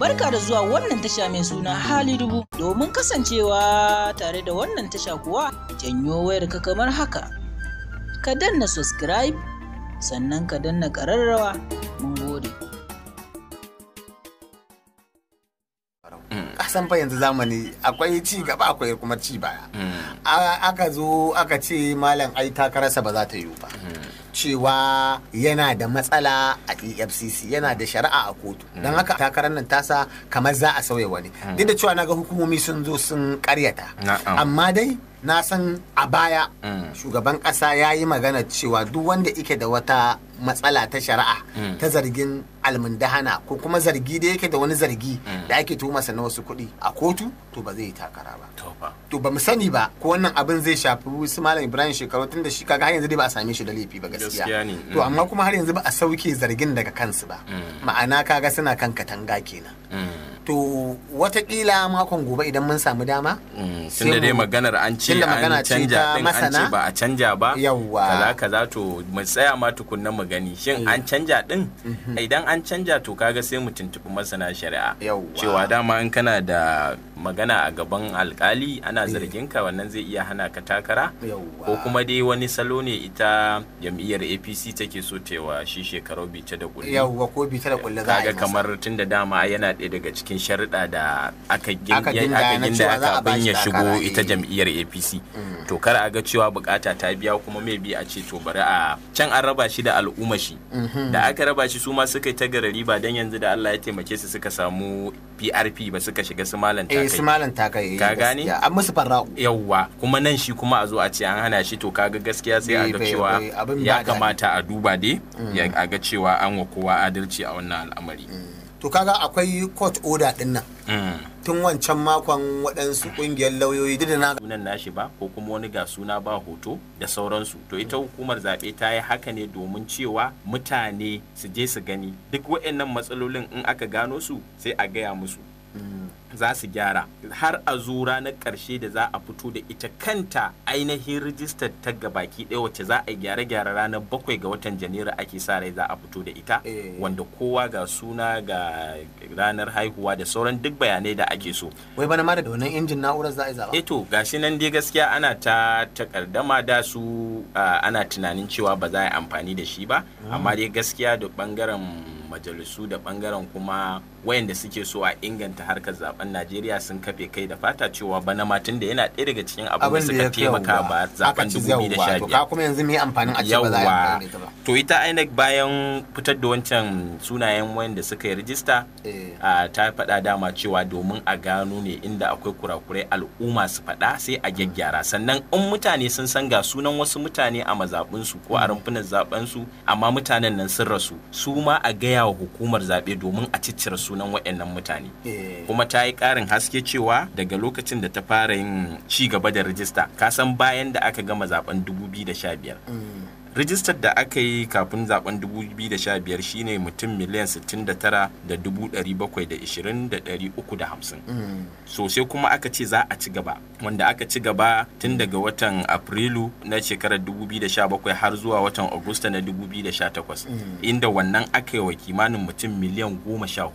Barka da zuwa wannan tasha mai suna hali dubu domin kasancewa tare da wannan tasha kuwa janyo wayarka kamar haka. Ka danna subscribe sannan ka danna ƙararrawa mun gode. san fa yanzu zamani akwai ci gaba akwai kuma ci baya mm. aka zo aka ce malam ai takararsa ba za ta yiwu ba mm. cewa yana da matsala a efcc yana da shari'a a kotu don mm. haka takarar nan tasa kamar za a sauya wani mm. duk da cewa na ga hukumomi sun zo sun karyata amma dai na san a baya mm. shugaban ƙasa ya yi magana cewa duk wanda ike da wata matsala ta shari'a mm. ta zargin almundahana ko kuma zargi da yake da wani zargi mm. da ake tomasa na wasu kuɗi a kotu to ba zai yi takara ba to ba mu sani ba ko wannan abin zai shafi su malam ibrahim shekaru tun da shi kaga har yanzu dai ba a same shi da laifi ba gaskiya to amma kuma har yanzu ba a sauke zargin daga kansu ba ma'ana kaga suna kan katanga kenan to watakila makon gobe idan mun samu dama mm, da dai maganar an ce an canja din an ce ba a canja ba kaza kaza to mu tsaya ma tukunna mu gani shin an mm. canja din mm-hmm. idan an canja to kaga sai mu tuntubi masana shari'a cewa dama in kana da magana a gaban alkali ana eh. zargin ka wannan zai iya hana ka takara ko kuma dai wani salo ne ita jam'iyyar apc take so wa shi shekaru ta da kulle yawwa ko ta da kulle za a kamar tun da dama yana ɗaya daga cikin sharuɗa da aka ginda aka bin ya shigo ita eh. jam'iyyar apc mm. to kar a ga cewa bukata ta biya kuma mai bi a ce to bari a can an raba shi da al'umma shi mm-hmm. da aka raba shi su ma suka yi ta garari riba don yanzu da Allah ya taimake su suka samu PRP ba suka shiga su malanta eh, su malam ta kai eh, ka gani an musu yawwa kuma nan shi kuma a zo a ce an hana shi to kaga gaskiya sai a eh, ga cewa ya kamata a duba dai mm. a ga cewa an wa kowa adalci a wannan al'amari mm. to kaga akwai court order din nan mm. tun wancan makon waɗansu ƙungiyar lauyoyi duk da na sunan nashi ba ko kuma wani ga suna ba hoto da sauransu to ita hukumar zaɓe ta yi haka ne domin cewa mutane su je su gani duk waɗannan matsalolin in aka gano su sai a gaya musu za su gyara har a zura ranar ƙarshe da za a fito da ita kanta ainihin rijistar ta gabaki ɗaya wacce za a gyara gyara ranar bakwai ga watan janairu ake sa rai za a fito da ita eh. wanda kowa ga suna ga ranar haihuwa da sauran duk bayanai da ake so wai bana ma da wannan injin na'urar za a yi zaɓa eh to gashi nan dai gaskiya ana ta takardama da su ah, ana tunanin cewa ba za a yi amfani da shi ba mm. amma dai gaskiya da bangaren majalisu da bangaren kuma wayanda suke so a inganta harkar zaben najeriya sun kafe kai da fata cewa bana matin da yana ɗaya daga cikin abin da suka taimaka ba zaben 2015 kuma yanzu mai amfanin a ce ba to ita inec bayan fitar da wancan sunayen wayanda suka yi rijista eh. ta faɗa dama cewa domin a gano ne inda akwai kurakurai al'umma su faɗa sai a gyaggyara sannan in mutane sun san ga sunan wasu mutane a mazaɓinsu ko a mm. rumfunan zaɓensu amma mutanen nan sun rasu su ma a gaya gaya wa hukumar zaɓe domin a ciccire sunan waɗannan mutane eh. kuma ta yi ƙarin haske cewa daga lokacin da ta fara yin ci gaba da rajista kasan bayan da aka gama zaben 2015 rijistar da aka yi kafin zaben 2015 shine mutum miliyan 69,720,350 so sai kuma aka ce za a ci gaba wanda aka ci gaba tun daga watan afrilu na shekarar 2017 har zuwa watan agusta na 2018 mm. inda wannan aka yi wa kimanin mutum miliyan 14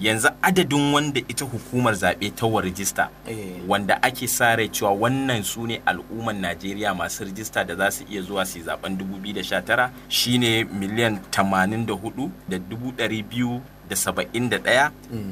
yanzu adadin wanda ita hukumar zaɓe ta wa rijista eh. wanda ake sa rai cewa wannan su ne al'ummar najeriya masu rijista da za su iya zuwa su zaben 2019 shine miliyan 84 da 271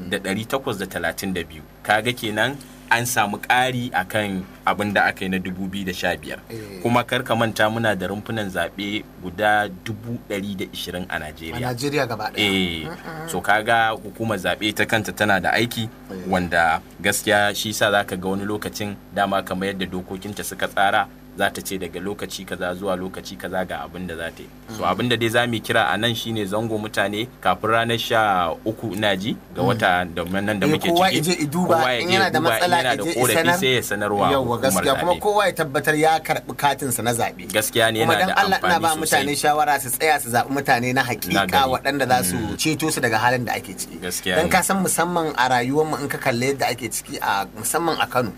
da 832 mm. kaga kenan an samu ƙari kan abin da aka yi na 2015 eh. kuma karka manta muna da rumfunan zaɓe guda 120 a Najeriya. A Najeriya gaba ɗaya. Eh, so kaga hukumar zaɓe ta kanta tana da aiki eh. wanda gaskiya shi sa za ka ga wani lokacin dama kamar yadda dokokinta suka tsara za ta ce daga lokaci kaza zuwa lokaci kaza ga abin da za ta yi so mm. abin da dai za mu kira a nan shine zango mutane kafin ranar sha uku na ji ga mm. wata da nan da eh, muke ciki kowa ya duba in yana da matsala yana da korafi sai ya sanarwa yawa gaskiya kuma kowa ya tabbatar ya karbi katin sa na zabe gaskiya ne yana da amfani sosai Allah ina ba mutane shawara su tsaya su zabi mutane na hakika waɗanda za su mm. ceto su daga halin da ake ciki gaskiya dan ka san musamman a rayuwar mu in ka kalle yadda ake ciki a musamman a Kano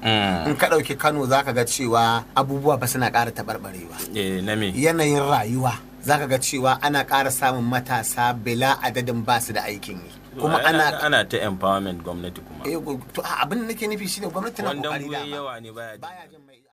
in ka dauki Kano zaka ga cewa abubuwa fa suna ƙara taɓarɓarewa. Eh, Yanayin rayuwa za ka ga cewa ana ƙara samun matasa bila adadin ba su da aikin yi. kuma ana ana ta empowerment gwamnati kuma. Eh to abin da nake nufi shine gwamnati na ƙoƙari da. Wanda yawa ne baya